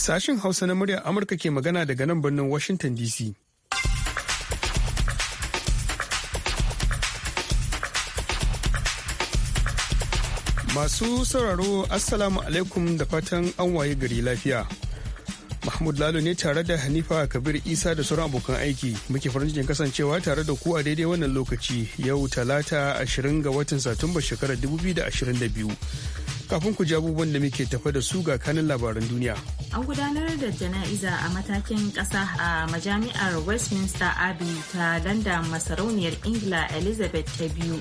Sashen Hausa na muryar Amurka ke magana daga nan birnin Washington DC. Masu sauraro Assalamu alaikum da fatan an waye gari lafiya. Mahmud Lalo ne tare da Hanifa Kabir Isa da sauran abokan aiki muke farin cikin kasancewa tare da ku a daidai wannan lokaci yau talata 20 ga watan Satumba shekarar 2022. kafin ku ji abubuwan da muke tafa da su ga kanin labaran duniya. An gudanar da jana'iza a matakin ƙasa a majami'ar Westminster Abbey ta landa masarauniyar Ingila Elizabeth ta biyu.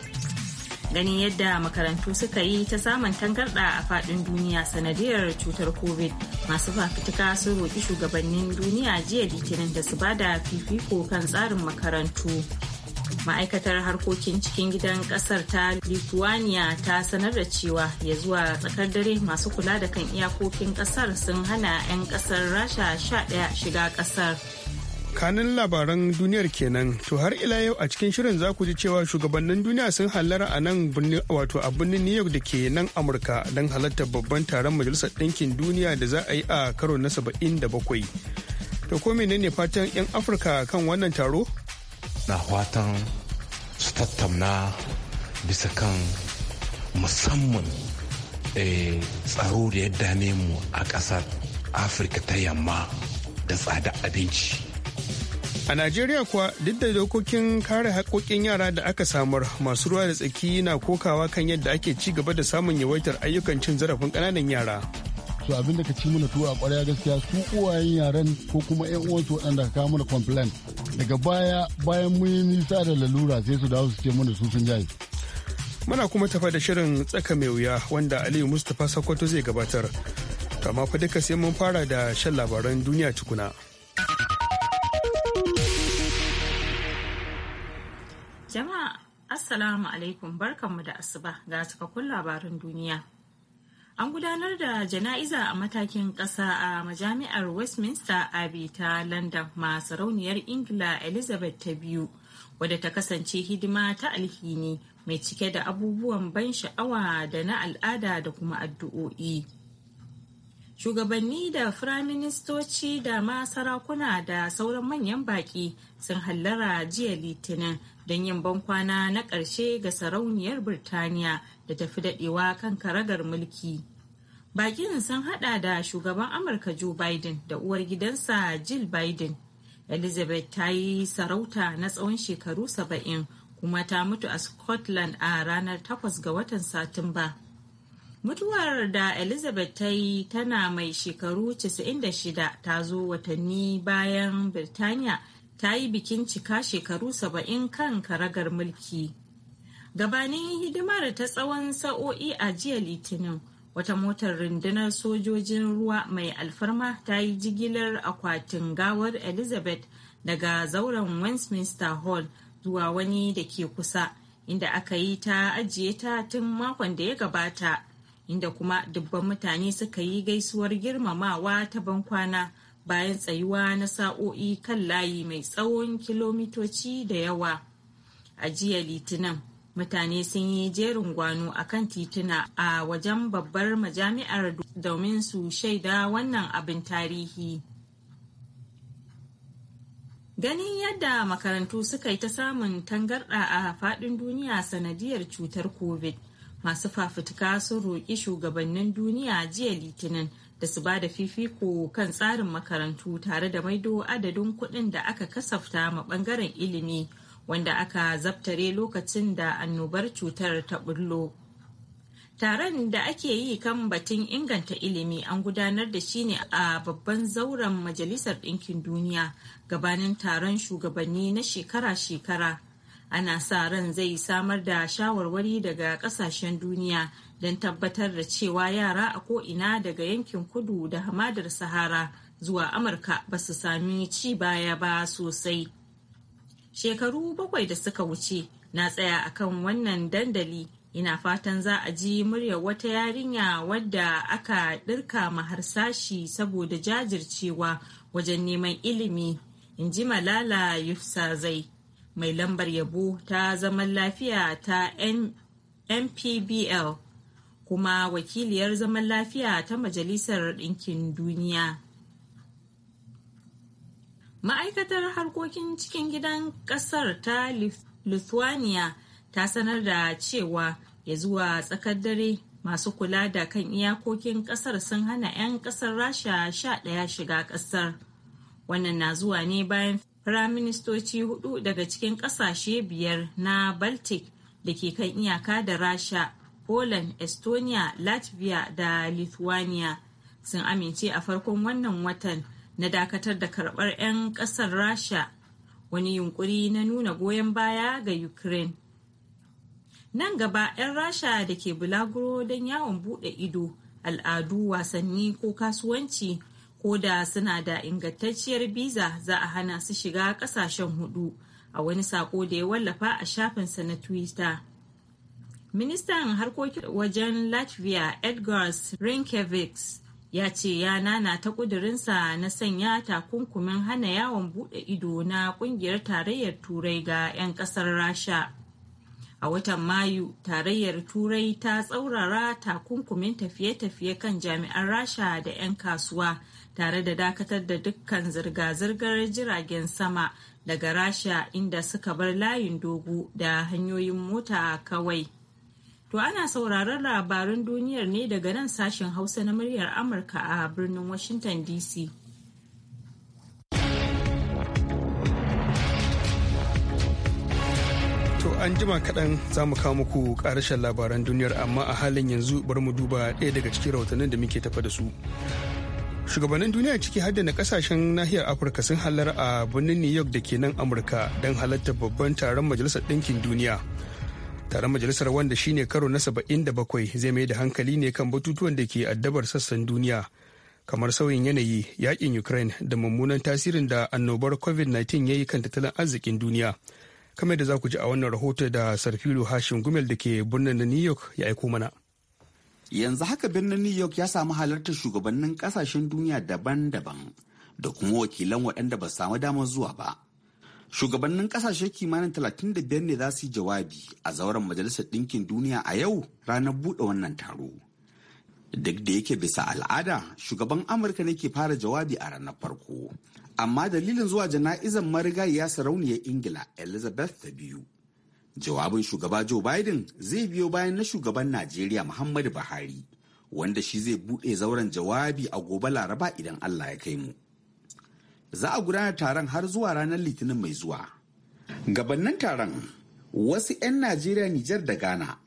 Ganin yadda makarantu suka yi ta samun tangarɗa a faɗin duniya sanadiyar cutar COVID. Masu fafutuka sun roƙi shugabannin duniya jiya litinin da su bada fifiko kan tsarin makarantu. ma'aikatar harkokin cikin gidan kasar ta lithuania ta sanar da cewa ya zuwa tsakar dare masu kula da kan iyakokin kasar sun hana 'yan kasar rasha sha 11 shiga kasar kanin labaran duniyar kenan to har ila yau a cikin shirin za ku ji cewa shugabannin duniya sun hallara a nan wato a birnin new york da ke nan amurka don halartar babban taron majalisar ɗinkin duniya da za a yi a karo na 77 to ko menene fatan 'yan afirka kan wannan taro na fatan su tattauna bisa kan musamman eh, tsaro da ya dame mu a ƙasar afirka ta yamma da tsada abinci a najeriya kuwa duk da dokokin kare haƙoƙin yara da aka samar masu ruwa da tsaki na kokawa kan yadda ake ci gaba da samun yawaitar ayyukan cin zarafin ƙananan yara to abin da ka ci mana tuwo a kwarya gaskiya su uwayen yaren ko kuma yan uwansu waɗanda ka kawo mana complain daga baya bayan mun yi nisa da lalura sai su dawo su ce mana su sun jaye muna kuma tafa da shirin tsaka mai wuya wanda aliyu mustapha sakoto zai gabatar kama fa duka sai mun fara da shan labaran duniya tukuna jama'a assalamu alaikum barkanmu da asuba ga cikakkun labaran duniya an gudanar da jana'iza a matakin ƙasa a majami'ar westminster abbey ta london ma sarauniyar ingila elizabeth ta biyu wadda ta kasance hidima ta alhini mai cike da abubuwan ban sha'awa da na al'ada da kuma addu'o'i shugabanni da firaministoci da ma sarakuna da sauran manyan baki sun hallara jiya litinin don yin bankwana na ƙarshe ga sarauniyar birtaniya da tafi daɗewa kan karagar mulki bakin sun hada da shugaban amurka joe biden da uwar gidansa jill biden elizabeth ta yi sarauta na tsawon shekaru saba'in kuma ta mutu a scotland a ranar 8 ga watan satumba mutuwar da elizabeth ta yi tana mai shekaru 96 ta zo watanni bayan birtaniya ta yi bikin cika shekaru 70 kan karagar mulki gabanin hidimar ta tsawon sa'o'i a jiya litinin wata motar rundunar sojojin ruwa mai alfarma ta yi jigilar akwatin gawar elizabeth daga zauren westminster hall zuwa wani da ke kusa inda aka yi ta ajiye ta tun makon da ya gabata inda kuma dubban mutane suka yi gaisuwar girmamawa ta bankwana bayan tsayuwa na sa'o'i kan layi mai tsawon kilomitoci da yawa a jiya litinin mutane sun yi jerin gwano a kan tituna a wajen babbar majami'ar domin su shaida wannan abin tarihi ganin yadda makarantu suka yi ta samun tangarɗa a faɗin duniya sanadiyar cutar covid masu fafutuka sun roƙi shugabannin duniya jiya litinin da su ba da fifiko kan tsarin makarantu tare da maido adadin kuɗin da aka kasafta ma ɓangaren ilimi wanda aka zabtare lokacin da annobar cutar ta bullo. Taron da ake yi kan batun inganta ilimi an gudanar da shi ne a babban zauren Majalisar Ɗinkin Duniya gabanin taron shugabanni na shekara-shekara ana sa ran zai samar da shawarwari daga kasashen duniya don tabbatar da cewa yara a ko'ina daga yankin kudu da hamadar sahara zuwa amurka ba su sami ci baya ba sosai shekaru bakwai da suka wuce na tsaya akan wannan dandali ina fatan za a ji murya wata yarinya wadda aka ɗirka maharsashi saboda jajircewa wajen neman ilimi in ji malala zai. mai lambar yabo ta zaman lafiya ta NPBL kuma wakiliyar zaman lafiya ta Majalisar Ɗinkin Duniya. Ma'aikatar harkokin cikin gidan ƙasar ta Lithuania ta sanar da cewa ya zuwa tsakar dare masu kula da kan iyakokin ƙasar sun hana 'yan ƙasar Rasha sha ɗaya shiga ƙasar. Wannan na zuwa ne bayan firaministoci hudu daga cikin kasashe biyar na baltic da ke kan iyaka da rasha poland estonia latvia da lithuania sun amince a farkon wannan watan na dakatar da karbar 'yan kasar rasha wani yunkuri na nuna goyon baya ga ukraine nan gaba 'yan rasha da ke bulaguro don yawon bude ido al'adu wasanni ko kasuwanci Koda suna da ingantacciyar biza za a hana su shiga kasashen hudu a wani sako da ya wallafa a shafinsa na twitter ministan harkokin wajen latvia edgars rinkevics ya ce ya nana ta kudurinsa na sanya takunkumin hana yawon bude ido na kungiyar tarayyar turai ga 'yan kasar rasha a watan mayu tarayyar turai ta tsaurara takunkumin tafiye-tafiye kan jami'an rasha da 'yan kasuwa tare da dakatar da dukkan zirga-zirgar jiragen sama daga rasha inda suka bar layin dogo da hanyoyin mota kawai to ana sauraron labaran duniyar ne daga nan sashen hausa na muryar amurka a birnin washington dc To an jima kaɗan za mu kawo muku ƙarashen labaran duniyar amma a halin yanzu bar mu duba ɗaya daga cikin rahotannin da muke tafa da su. shugabannin duniya ciki har da na kasashen nahiyar afirka sun halar a birnin new york da ke nan amurka don halartar babban taron majalisar ɗinkin duniya taron majalisar wanda shine karo na saba'in da bakwai zai mai da hankali ne kan batutuwan da ke addabar sassan duniya kamar sauyin yanayi yakin ukraine da mummunan tasirin da annobar covid-19 ya yi kan tattalin arzikin duniya kamar da za ku ji a wannan rahoto da sarfilo hashin gumel da ke birnin new york ya aiko mana yanzu haka birnin new york ya samu halartar shugabannin kasashen duniya daban-daban da kuma wakilan waɗanda ba samu damar zuwa ba shugabannin kasashe kimanin 35 ne za su yi jawabi a zauren majalisar ɗinkin duniya a yau ranar buɗe wannan taro duk da yake bisa al'ada shugaban amurka ne ke fara jawabi a ranar farko amma dalilin zuwa jana'izan marigayi ya sarauniyar ingila elizabeth ta biyu Jawabin shugaba Joe Biden zai biyo bayan na shugaban Najeriya Muhammadu Buhari, wanda shi zai buɗe zauren jawabi a gobe Laraba idan Allah ya kai mu. Za a gudanar taron har zuwa ranar Litinin mai zuwa. Gabannin taron, wasu 'yan Najeriya Nijar da Ghana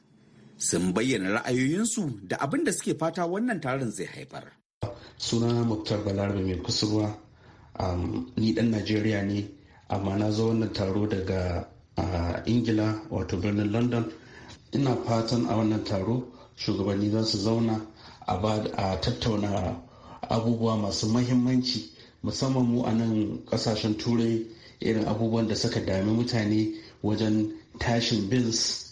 sun bayyana ra'ayoyinsu da abin da suke fata wannan taron zai haifar. suna Muktar Balarabe mai kusurwa, ni dan Najeriya ne, amma na zo wannan taro daga a ingila wato birnin london ina fatan a wannan taro shugabanni za su zauna a tattauna abubuwa masu mahimmanci musamman mu a nan kasashen turai irin abubuwan da suka dami mutane wajen tashin bins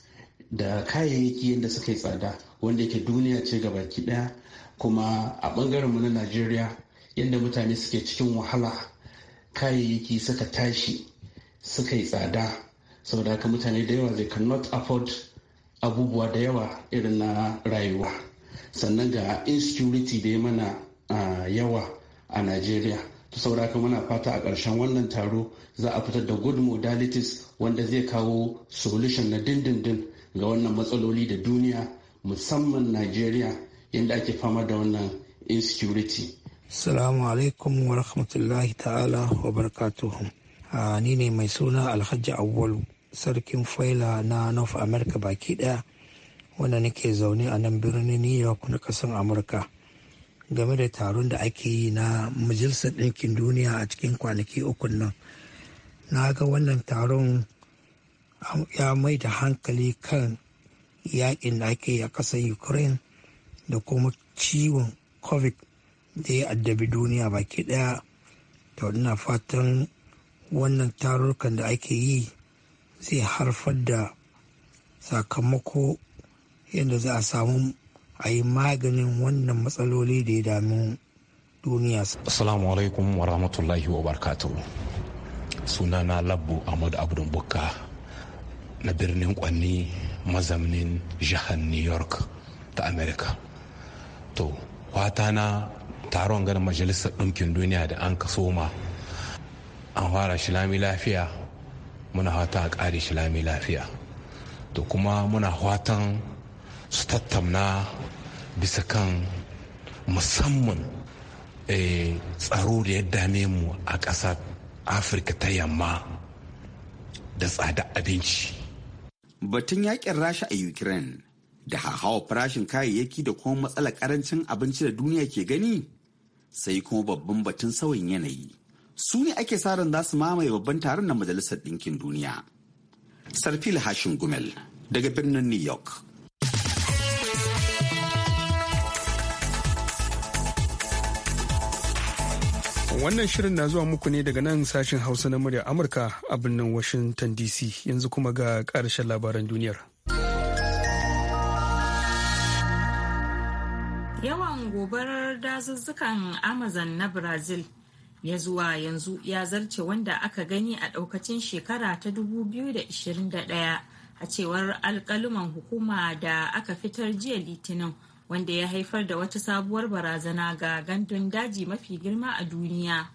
da kayayyaki yadda suka yi tsada wanda yake duniya ce ga baki daya kuma a mu na najeriya yadda mutane suke cikin wahala kayayyaki suka tashi suka yi tsada saboda haka mutane da yawa they cannot afford abubuwa da yawa irin na rayuwa sannan ga insecurity da ya mana yawa a nigeria ta saboda haka muna fata a ƙarshen wannan taro za a fitar da good modalities wanda zai kawo solution na dindindin ga wannan matsaloli da duniya musamman nigeria yadda ake fama da wannan insecurity. Salamu alaikum wa rahmatullahi ta'ala wa barakatuhu. ni ne mai suna alhaji awwalu sarkin faila na north america baki daya wanda nake zaune a nan birnin new york na kasan amurka game da taron da ake yi na majalisar ɗinkin duniya a cikin kwanaki ukun nan na ga wannan taron ya mai da hankali kan yakin da ake a kasan ukraine da kuma ciwon covid da ya addabi duniya baki ɗaya to ina fatan wannan tarurrukan da ake yi zai harfar da sakamako yadda za a samu a yi maganin wannan matsaloli da ya dami duniya. Assalamu alaikum wa rahmatullahi wa barkatu. Sunana Labbu Ahmad Abdul Bukka na birnin Kwanni mazamnin jihar New York ta Amerika. To, na taron ganin majalisar ɗinkin duniya da an kaso ma an fara shilami lafiya muna fata a ƙari shi lami lafiya to kuma muna fatan su tattamna bisa kan musamman eh, tsaro da ya dame mu a ƙasar afirka ta yamma da tsada abinci batun yakin rasha a ukraine da hahawa farashin kayayyaki da kuma matsalar karancin abinci da duniya ke gani sai kuma babban batun sauyin yanayi su ne ake sa ran za su mamaye babban taron na majalisar ɗinkin duniya. Sarfil Hashin Gumel daga birnin New York. Wannan shirin na zuwa muku ne daga nan sashen Hausa na murya Amurka a birnin Washington DC yanzu kuma ga ƙarshen labaran duniyar. Yawan gobarar dazuzzukan Amazon na Brazil ya zuwa yanzu ya zarce wanda aka gani a daukacin shekara ta 2021 a cewar alkaluman hukuma da aka fitar jiya litinin wanda ya haifar da wata sabuwar barazana ga gandun daji mafi girma a duniya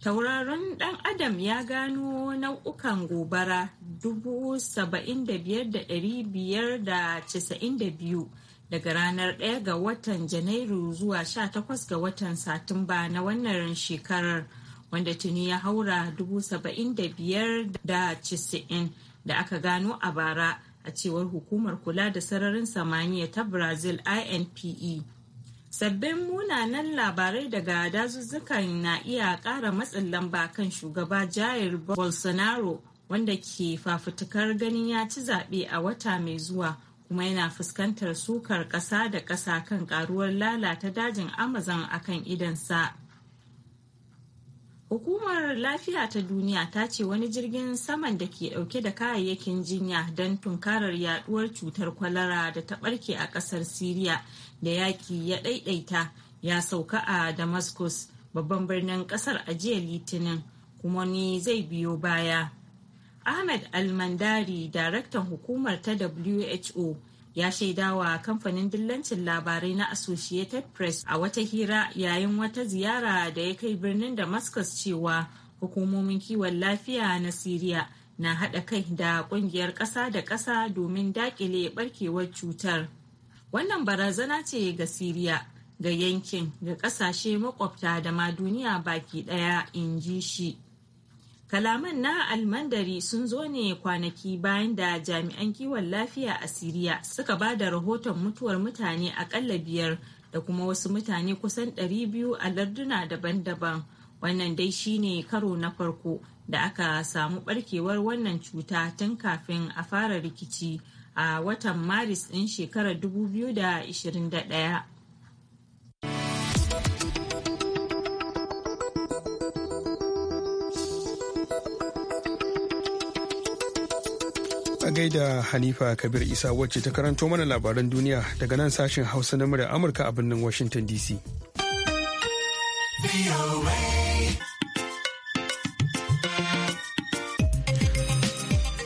tauraron dan adam ya gano nau'ukan gobara 75,592 daga ranar 1 ga watan janairu zuwa 18 ga watan satumba na wannan shekarar wanda tuni ya haura 75,090 da aka gano a bara a cewar hukumar kula da sararin samaniya ta brazil inpe sabbin munanan labarai daga dazuzzukan na iya kara matsin lamba kan shugaba jair bolsonaro wanda ke fafutukar ganin ya ci zaɓe a wata mai zuwa kuma yana fuskantar sukar ƙasa da ƙasa kan karuwar lalata dajin amazon kan idansa hukumar lafiya ta duniya ta ce wani jirgin saman da ke dauke da kayayyakin jinya don tunkarar yaduwar cutar kwalara da ta barke a ƙasar siriya da yaki ya ɗaiɗaita ya sauka a damascus babban birnin ƙasar a jiya litinin kuma ni zai biyo baya Ahmed Almandari, daraktan hukumar ta WHO, ya shaidawa kamfanin dillancin labarai na Associated Press a wata hira yayin wata ziyara da ya kai birnin Damascus cewa hukumomin kiwon lafiya na Siriya na haɗa kai da ƙungiyar ƙasa da ƙasa domin daƙile ɓarkewar cutar. Wannan barazana ce ga Siriya, ga yankin, ga ƙasashe maƙwabta da ma duniya baki ɗaya, in ji shi. Kalaman na almandari sun zo ne kwanaki bayan da jami'an kiwon lafiya a Siriya suka ba da rahoton mutuwar mutane akalla biyar da kuma wasu mutane kusan 200 a larduna daban-daban. Wannan dai shi ne karo na farko da aka samu barkewar wannan cuta tun kafin a fara rikici a watan Maris ɗin shekarar 2021. gaida Hanifa Kabir Isa wacce ta karanto mana labaran duniya daga nan sashen Hausa na murya Amurka a birnin Washington DC.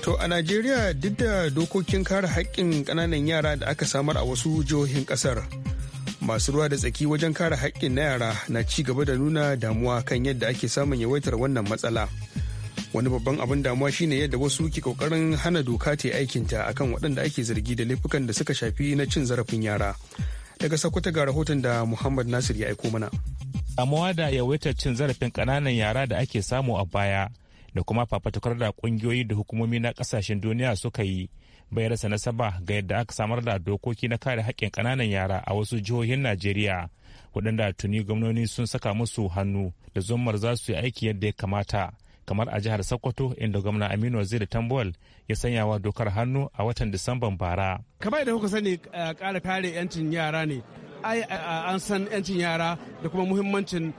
To a Najeriya duk da dokokin kare haƙƙin ƙananan yara da aka samar a wasu jihohin ƙasar. Masu ruwa da tsaki wajen kare haƙƙin na yara na ci gaba da nuna damuwa kan yadda ake samun yawaitar wannan matsala. wani babban abin damuwa shine yadda wasu ke kokarin hana doka ta aikinta akan waɗanda ake zargi da laifukan da suka shafi na cin zarafin yara daga sakwata ga rahoton da muhammad nasir ya aiko mana damuwa da yawaitar cin zarafin kananan yara da ake samu a baya da kuma fafatukar da ƙungiyoyi da hukumomi na ƙasashen duniya suka yi bai rasa nasaba ga yadda aka samar da dokoki na kare haƙƙin ƙananan yara a wasu jihohin najeriya waɗanda tuni gwamnoni sun saka musu hannu da zummar za su yi aiki yadda ya kamata kamar a jihar Sokoto inda gwamna Aminu Waziri Tambol ya sanya wa dokar hannu a watan Disamban bara. Kamar da kuka sani kare eh, kare 'yancin yara ne. Ai eh, eh, an san 'yancin yara da kuma muhimmancin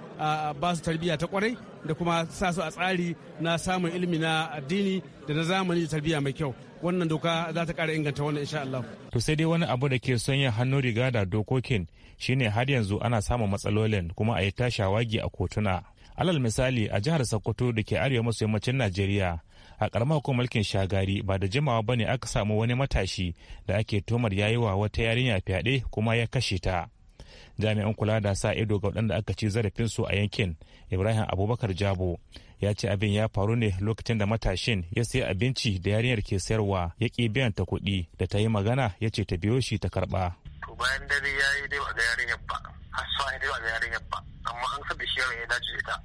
ba su tarbiyya ta kwarai da kuma sa su a tsari na samun ilimi na addini da na zamani da tarbiyya mai kyau. Wannan doka za ta kara inganta wannan insha Allah. To sai dai wani abu da ke son yin hannu riga da dokokin shine har yanzu ana samun matsalolin kuma a yi tashawagi a kotuna. alal misali a jihar sokoto da ke arewa maso yammacin najeriya a karamar hukumar mulkin shagari ba da jimawa ba ne aka samu wani matashi da ake tomar yayi wa wata yarinya fyaɗe kuma ya kashe ta jami'an kula da sa ido ga waɗanda aka ci zarafinsu a yankin ibrahim abubakar jabo ya ce abin ya faru ne lokacin da matashin ya sayi abinci da yarinyar ke sayarwa ya ƙi biyan ta kuɗi da ta yi magana ya ce ta biyo shi ta karɓa bayan dare ya yi dai ba ga yarinyar ba har sa dai ba ga yarinyar ba amma an san da shi yaron ya dace ita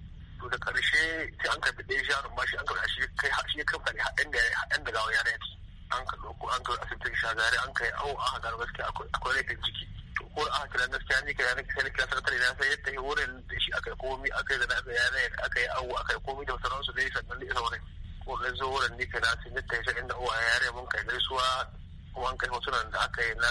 to da karshe sai an karbi ɗaya yaron ba shi an karbi shi kai shi kan kare haɗin da haɗin da gawa yarinyar an ka ɗauko an kai asibitin shagari an kai awo aka gano gaskiya akwai laifin ciki to ko aka kira gaskiya ni kira nake sai kira sarkar na sai yadda wurin da shi aka komi aka yi da nasa yanayi aka yi awo aka yi komi da sauransu dai sannan da ita wurin ko na zo wurin ni kira sai yadda ya inda uwa yare mun kai gaisuwa kuma an kai nan da aka yi na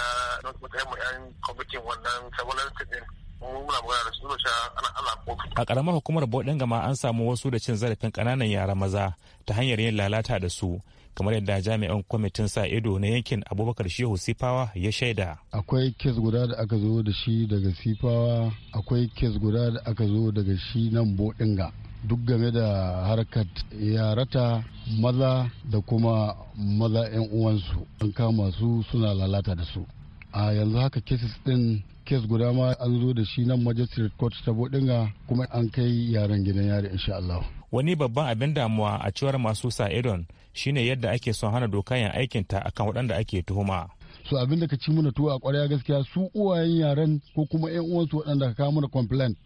mutane mu yan kwamitin wannan surveillance din muna magana da su ana ana kofi A ƙaramar hukumar Boɗin Gama an samu wasu da cin zarafin ƙananan yara maza ta hanyar yin lalata da su. kamar yadda jami'an kwamitin sa ido na yankin abubakar shehu sifawa ya shaida akwai kes guda da aka zo da shi daga sifawa akwai kes guda da aka zo daga shi nan bodinga duk game da harkar yarata maza da kuma maza 'yan uwansu an kama su suna lalata da su a yanzu haka cases din kes guda ma an zo da shi nan magistrate court ta bodinga kuma an kai yaran gidan yari insha Allah. Wani babban abin damuwa a cewar masu sa idon shine yadda ake son hana doka yin ta akan waɗanda ake tuhuma. So abin da ka ci muna tuwa a kwarya gaskiya su uwayen yaran ko kuma 'yan uwansu waɗanda ka kawo muna complaint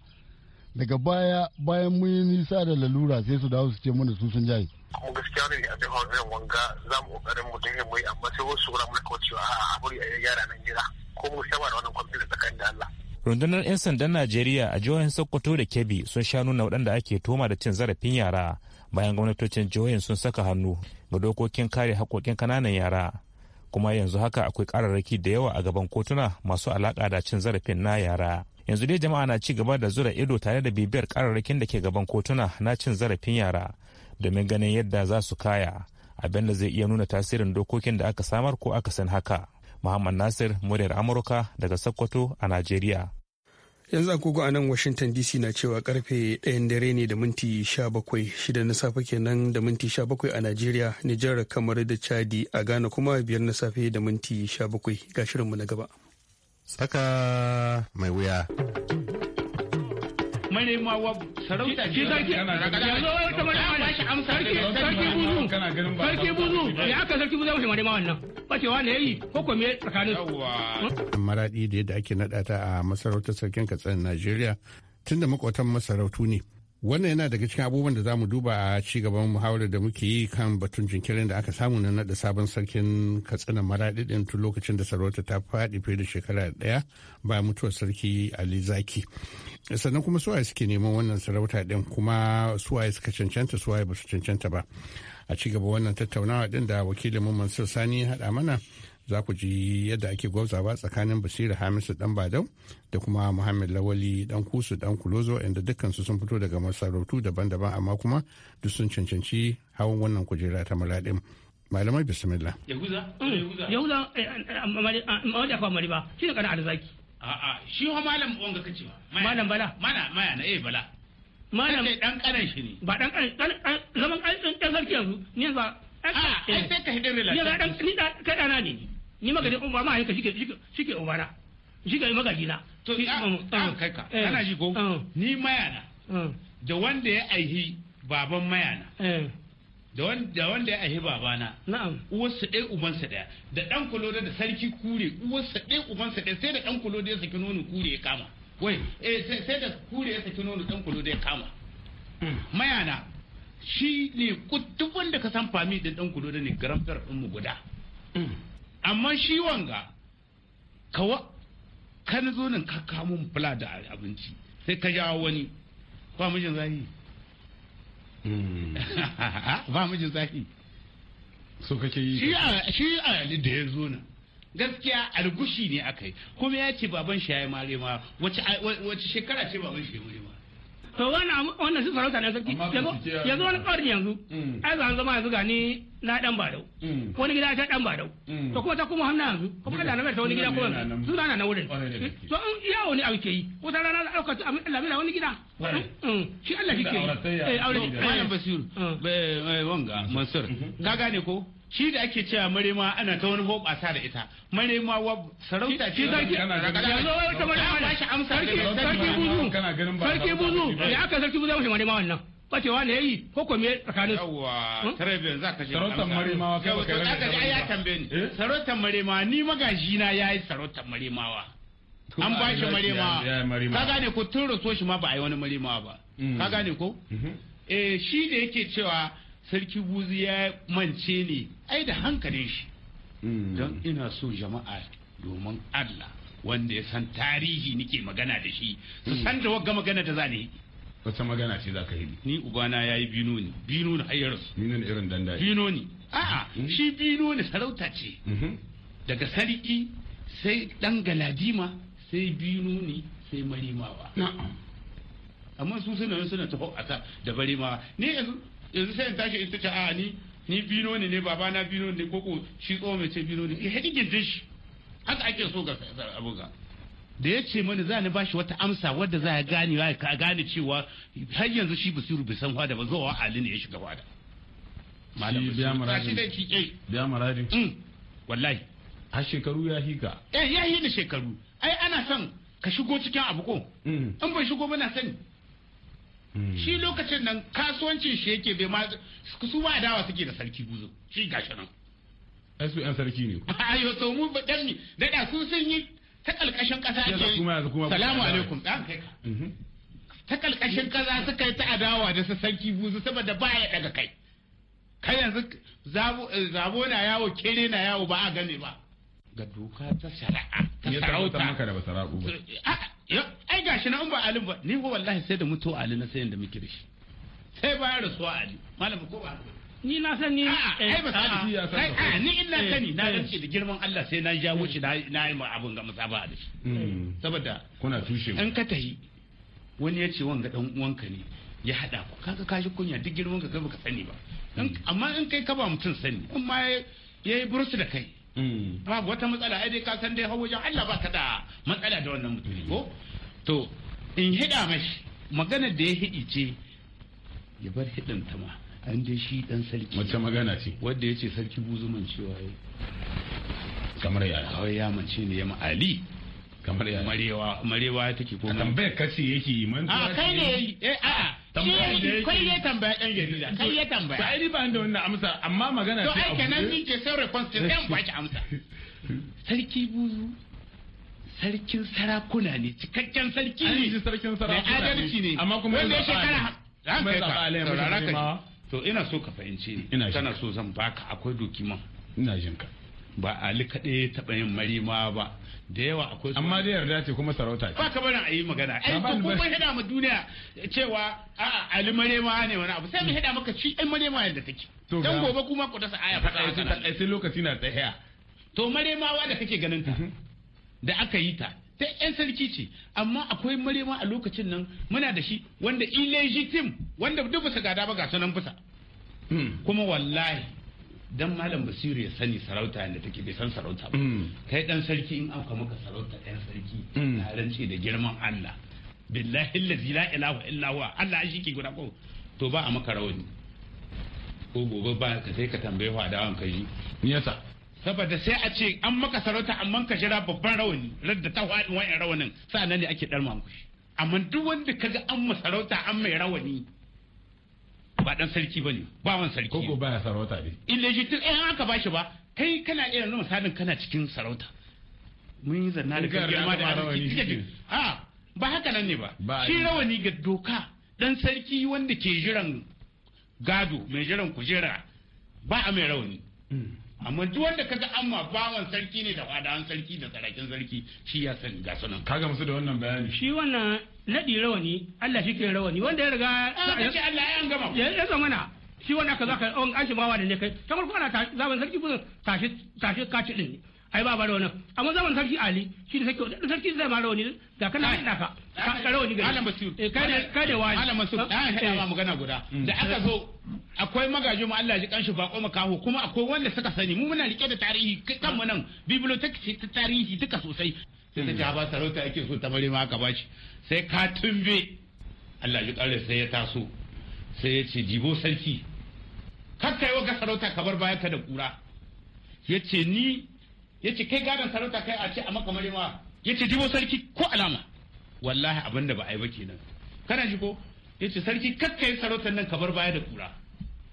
daga baya bayan mun yi nisa da lalura sai su dawo su ce mana su sun jaye kuma gaskiya ne a jihar zai wanga za mu kokarin mu dinga mai amma sai wasu gura mun kawai cewa a bari a yi yara nan gida ko mu saba da wannan kwamfuta tsakanin da Allah rundunar 'yan sandan najeriya a jihohin sokoto da kebbi sun sha nuna waɗanda ake toma da cin zarafin yara bayan gwamnatocin jihohin sun saka hannu ga dokokin kare haƙoƙin kananan yara kuma yanzu haka akwai ƙararraki da yawa a gaban kotuna masu alaƙa da cin zarafin na yara yanzu dai jama'a na ci gaba da zura ido tare da bibiyar kararrakin da ke gaban kotuna na cin zarafin yara domin ganin yadda za su kaya abin da zai iya nuna tasirin dokokin da aka samar ko aka san haka muhammad nasir muryar amurka daga sokoto a najeriya yanzu agogo a nan washington dc na cewa karfe 1 dare ne da minti 17 shida na safe kenan da minti 17 a najeriya nijar kamar da chadi a ghana kuma biyar na safe da minti 17 ga shirinmu na gaba tsaka mai wuya. manemawa sarki yayi ko da yadda ake naɗata a masarautar sarkin Katsina Najeriya tunda makwatan masarautu ne wannan yana daga cikin abubuwan da za mu duba a ci gaban muhawarar da muke yi kan batun jinkirin da aka samu na naɗa sabon sarkin katsina maraɗiɗin tun lokacin da sarauta ta faɗi fiye da shekara ɗaya ba mutuwar sarki ali zaki sannan kuma suwaye suke neman wannan sarauta ɗin kuma suwaye suka cancanta suwaye ba su cancanta ba a ci gaba wannan tattaunawa ɗin da wakilin mu mansur sani haɗa mana za ku ji yadda ake gwabzawa tsakanin basira hamisu dan badau da kuma muhammad lawali dan kusu dan kulozo inda dukkansu sun fito daga masarautu daban-daban amma kuma duk sun cancanci hawan wannan kujera ta muradin malamai bismillah yahuza mm. yahuza eh, eh, eh, mawada ah, fa mari ba shi ne kana arzaki a'a shi ho malam wanga kace malam bala mana maya na eh bala malam dan kanan shi ne ba dan kanan zaman an dan sarki yanzu ne ba a sai ka hidin relax ni da dan ni da kadana ne ni magaji ba ma yanka shike shike ubana shike magaji na to an eh. kai ka eh. kana ji ko eh. ni mayana da wanda ya aihi baban mayana da wanda ya aihi babana na'am uwarsa ɗaya ubansa ɗaya da dan kulo da sarki kure uwarsa ɗaya ubansa ɗaya sai da ɗan da ya saki nono kure ya kama wai eh sai da kure ya saki nono kulo da ya kama mayana shi ne kutubun da ka san fami da kulo da ne garamfar ummu guda mm. amma shi wanga kawa ka zo nan ka kamo fula da abinci sai ka jawo wani ba mijin zahi hmm. ba mijin zahi so kake yi shi a da ya zo nan gaskiya algushi ne aka yi kuma ya ce baban shi ya yi mare ma wace shekara ce baban shi ya mare ma to wannan wannan shi sarauta ne sarki yanzu wani ƙarni yanzu mm. ai zan zama yanzu gani na dan badau mm. wani gida ta dan badau mm. to kuma ta kuma hannu yanzu kuma Allah na mai ta wani gida kuma su na na wurin to in yawo ne ke yi ko ta rana da aukata amin Allah mai wani gida shi Allah shi ke yi aure eh, malam basiru eh, eh, wanga mansur mm-hmm. ka gane ko shi da ake cewa marema ana ta wani hoɓasa da ita marema wa sarauta ce sarki yanzu wata marema ba shi sarki buzu sarki buzu ya aka sarki buzu ya wuce marema wannan wa ne yayi ko ko me tsakanin su yawa hmm? tarebe za ka je sarautar maremawa kai ka ga ai ya tambaye ni eh? sarautar maremawa ni magaji na yayi sarautar maremawa an ba shi maremawa ka gane ko tun raso shi ma ba a yi wani maremawa ba mm. ka gane ko mm-hmm. eh shi da yake cewa sarki buzi ya mance ne ai da hankalin shi hmm. don ina so jama'a domin allah wanda ya san tarihi nike magana da shi su hmm. san da wagga magana da za ne wata magana ce za ka yi ni ubana ya yi bino ne bino ne hayar su Ni nan irin danda bino ne a'a hmm. shi bino ne sarauta ce daga sarki sai dan galadima sai bino ne sai marimawa amma su suna suna taho a da barimawa ne yanzu yanzu sai in tashi in tace a ni ni bino ne ne na bino ne koko shi tso mai ce bino ne eh haɗi gindin shi haka ake so ga abuga da ya ce mani za ni bashi wata amsa wadda za ya gane ya ka gane cewa har yanzu shi basiru bai san fada ba zuwa ali ne ya shiga hwada malam eh. biya muradin mm, wallahi har shekaru ya hika eh ya hini shekaru ai ana son ka shigo cikin abu ko mm. in bai shigo ba na sani shi lokacin nan kasuwancin shi yake bai ma su ba dawa suke da sarki guzo shi gashi nan su yan sarki ne ayo to mu ba dan ni da sun sun yi ta kalkashin ƙasa ake salamu alaikum dan kai ka mhm. ta kalkashin ƙasa suka yi ta adawa da su sarki guzo saboda ba ya daga kai kai yanzu zabo eh, zabo na yawo kere na yawo ba a gane ba ga doka ta shari'a ta sarauta maka da ba ba eh, ai gashi na ba Ali ba ni ko wallahi sai da mutu Ali na sayan da muke da shi sai bayan rasu Ali malam ko ba ni na san ni ai eh, ba sai ya san a ni illa eh, sani na eh. rance da girman Allah sai na ja wuce na na yi abun ga musaba da shi hmm. saboda kuna tushe an ka tahi wani ya ce wanga dan uwanka ne ya hada ku kaga kashi kunya duk girman ka kai sani ba hmm. amma in kai ka ba mutum sani in ma yayi burus da kai Hmm. babu wata matsala ai dai ka san dai har wajen Allah ka da matsala da wannan mutum ko to in hida mashi maganar da ya hidi ce ya bar hidin ta ma an dai shi dan sarki wacce magana ce wanda yace sarki buzuman cewa yi kamar ya kawai ya mace ne ya ma'ali kamar ya marewa marewa take ko tambayar kace yake mantuwa a kai ne eh a'a kai ya tambaya ɗan jarida kai ya tambaya ba ni ba da wannan amsa amma magana to ai kenan ni ke sai response ke sai baki amsa sarki buzu sarkin sarakuna ne cikakken sarki ne shi sarkin sarakuna ne adalci ne amma kuma wanda ya shekara hankali ka to ina so ka fahimci fahimce ni kana so zan baka akwai dokiman ina jin ka ba ali kaɗai taɓa yin marima ba da yawa akwai amma dai yarda ce kuma sarauta ba ka bana a yi magana ai ko kuma hada mu duniya cewa a ali Marima ne wani abu sai mu hada maka shi ɗan marima yadda take dan gobe kuma ku dasa aya ta a sai lokaci na tsaya to maremawa da kake ganin ta mhm. da aka yi ta ta yan sarki ce amma akwai marema a lokacin nan muna da shi wanda illegitim wanda duk bisa gada ba ga sunan bisa hmm. kuma wallahi dan malam basiru ya sani sarauta yadda take bai san sarauta ba mm. kai dan sarki in aka maka sarauta dan sarki na mm. rance da girman Allah billahi allazi la ilaha illa huwa Allah shi ke guda ko to ba a maka rawani ko gobe ba ka sai ka tambaye wa dawan ka ji ni yasa saboda sai a ce an maka sarauta amma ka jira babban rawani radda ta faɗin wa'in rawanin sa'annan ne ake dalma muku amma duk wanda kaga an masarauta an mai rawani ba dan sarki bane ba wani sarki koko baya sarauta ne illegitim eh aka bashi ba kai kana iya nuna misalin kana cikin sarauta mun yi zanna da girma da arziki a ba haka nan ne ba shi rawani ga doka dan sarki wanda ke jiran gado mai jiran kujera ba a mai rawani hmm. amma duk wanda kaga amma bawan sarki ne da fadawan sarki da sarakin sarki shi ya san ga sunan kaga musu da wannan bayani shi wannan nadi rawani Allah shi ke rawani wanda ya riga ya ah, ce Allah ya gama ya mana shi wannan kaza ka an shi bawa da ne kai kamar ko ana zaban sarki kusa tashi tashi kaci din ai ba ba rawanin amma zaman sarki ali shi da sarki da sarki zai ma rawani ga kana da ka ka rawani ga malam basir eh, kai da kai da wani malam basir an hada ma magana guda da aka zo akwai magaji mu Allah ji kanshi bako makaho kuma akwai wanda suka sani mu muna rike da tarihi mu nan biblioteki ta tarihi duka sosai sai ta ja ba sarauta yake so ta bare ma aka bashi sai ka tumbe Allah ji kare sai ya taso sai ya ce jibo sarki kakkai wa ga sarauta kabar baya ka da kura ya ce ni ya ce kai gadon sarauta kai a ce a maka marima ya ce jibo sarki ko alama wallahi abin da ba a yi ba kenan kana shi ko ya ce sarki kakkai sarautar nan kamar baya da kura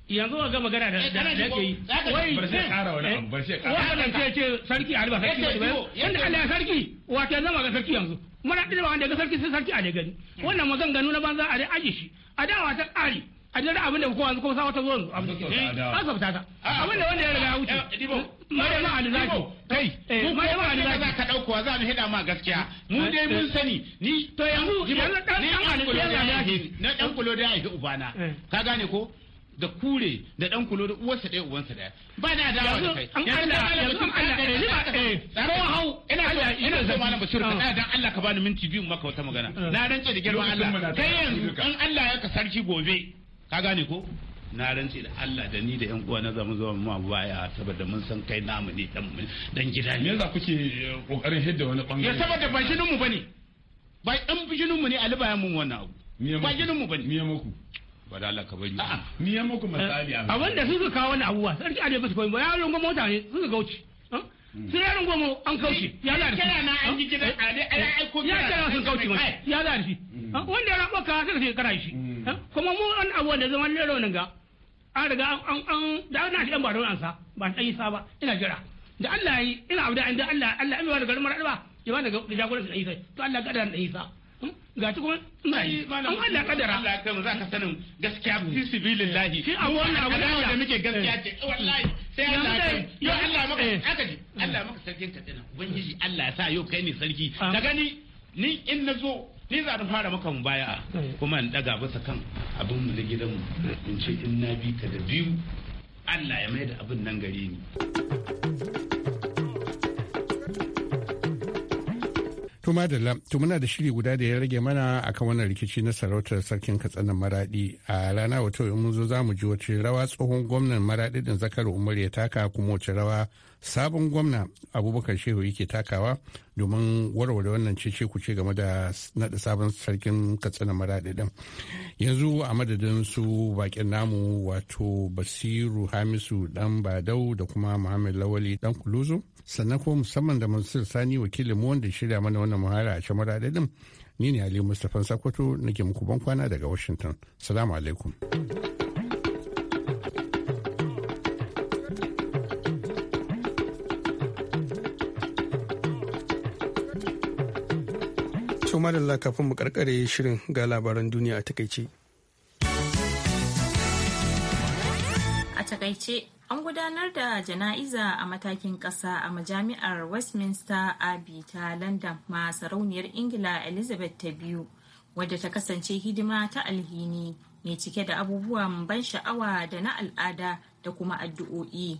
yanzu ga magana da eh, da yake yi wai bar sai eh, kara wani eh, abu bar sai kara wannan ce ce sarki a riba sarki ba yanda Allah ya sarki wato zama ga sarki yanzu muna dinda wanda ga sarki sai sarki ali gani hmm. wannan ganu na banza a da aji shi da wata ƙari a dare abin da kowa ko sawa ta zo yanzu abin da an sabta ta abin da wanda ya riga ya wuce eh, eh, maryama alizaki kai eh, mu maryama alizaki za ka daukowa za mu hida ma gaskiya mu dai mun sani ni to yanzu yanzu dan dan alizaki na dan kulo da ya yi ubana ka gane ko da kure da dan kulo da uwarsa ɗaya uwansa ɗaya ba na da da kai an Allah yanzu an Allah ne ni ba tsaro hau ina Allah ina zama na bashir ka ah. dan Allah ka bani minti biyu maka wata magana ah. na rantsa da girman Allah kai yanzu an Allah ya ka sarki gobe ka gane ko na rantse da Allah da ni da yan uwa na zama zama ma baya saboda mun san kai namu ne dan dan gida ne yasa kuke eh, kokarin hidda wani bangare ya saboda ba jinin mu bane ba dan jinin mu ne Ali ba mun wannan abu ba jinin mu bane miya muku ba da Allah ka a'a miya muku misali a wanda su suka kawo wani abuwa sarki a da ba su koyi ba yaron mota ne su suka gauci hmm. sun yaron goma an kauce ya da kana na an yi gidan ya kira sun kauce ya da shi hmm. wanda ya ka sai ka ce shi hmm. kuma mu an abu da zaman lero ga an riga an an da ana shi dan ba da a sa ba ta yi ba ina jira da Allah yi ina abu da an da Allah Allah an yi wani garin maraba ya ba da jagoranci da Isa to Allah kadar da Isa hmm, ga ci kuma an Allah kadara Allah za ka sanin gaskiya fi sibilillahi shi abu abu da muke gaskiya ce oh, wallahi sai Allah kai Allah maka aka ji Allah maka sarkin ka dina ubangiji Allah ya sa yau kai ne sarki da gani ni in nazo ni za ta fara maka baya kuma in daga masa kan abin mu na gidanmu in ce in na bi ka da biyu Allah ya mai da abin nan gare ni. Tuma da to muna da shiri guda da ya rage mana akan wannan rikici na sarautar sarkin katsina maradi a rana wato in mun zo za mu ji wace rawa tsohon gwamnan maradi din zakar umar ya taka kuma wace rawa sabon gwamna abubakar shehu yake takawa domin warware wannan cece kuce game da naɗa sabon sarkin katsina mara ɗin yanzu a madadin su bakin namu wato basiru hamisu dan badau da kuma muhammad lawali dan kuluzo sannan kuma musamman da mansur sani wakilin mu wanda shirya mana wannan muhara a can maraɗi ɗin ni ne ali mustapha sakwato nake muku ban kwana daga washington salamu alaikum madalla kafin mu karkare shirin ga labaran duniya a takaice. A takaice an gudanar da jana'iza a matakin ƙasa a majami'ar Westminster Abbey ta London ma sarauniyar Ingila Elizabeth ta biyu wadda ta kasance hidima ta alhini mai cike da abubuwan ban sha'awa da na al'ada da kuma addu'o'i.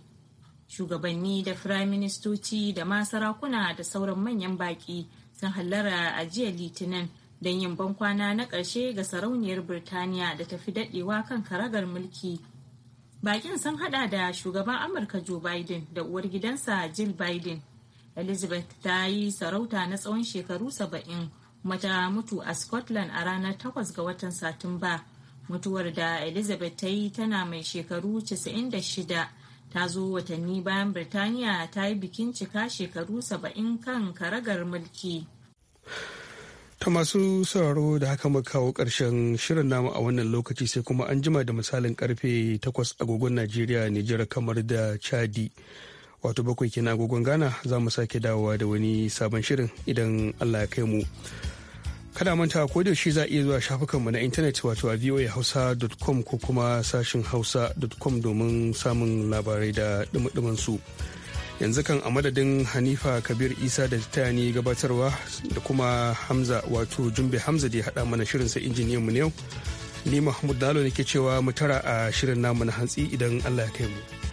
Shugabanni da firaministoci da ma sarakuna da sauran manyan baƙi sun hallara a jiya litinin don yin bankwana na ƙarshe ga sarauniyar birtaniya da tafi daɗewa kan karagar mulki bakin sun hada da shugaban amurka joe biden da uwar gidansa jill biden elizabeth ta yi sarauta na tsawon shekaru saba'in mata mutu a scotland a ranar 8 ga watan satumba mutuwar da elizabeth ta yi tana mai shekaru 96 ta zo watanni bayan Birtaniya ta yi bikin cika shekaru saba'in kan karagar mulki. Ta masu sauraro da haka muka kawo ƙarshen shirin namu a wannan lokaci sai kuma an jima da misalin karfe takwas agogon Najeriya, Nijar kamar da Chadi. Wato bakwai kenan agogon Ghana za mu sake dawowa da wani sabon shirin idan Allah ya kai mu. Kada manta ko da shi za a iya zuwa shafukanmu na intanet wato a hausa.com ko kuma sashin hausa.com domin samun labarai da dumudumin su. Yanzu kan a madadin Hanifa Kabir Isa da ta tayani gabatarwa da kuma Hamza wato Jumbe Hamza da ya haɗa mana shirin sa injiniyan mu yau. Ni Mahmud Dalo ne ke cewa mu tara a shirin namu na hantsi idan Allah ya kai mu.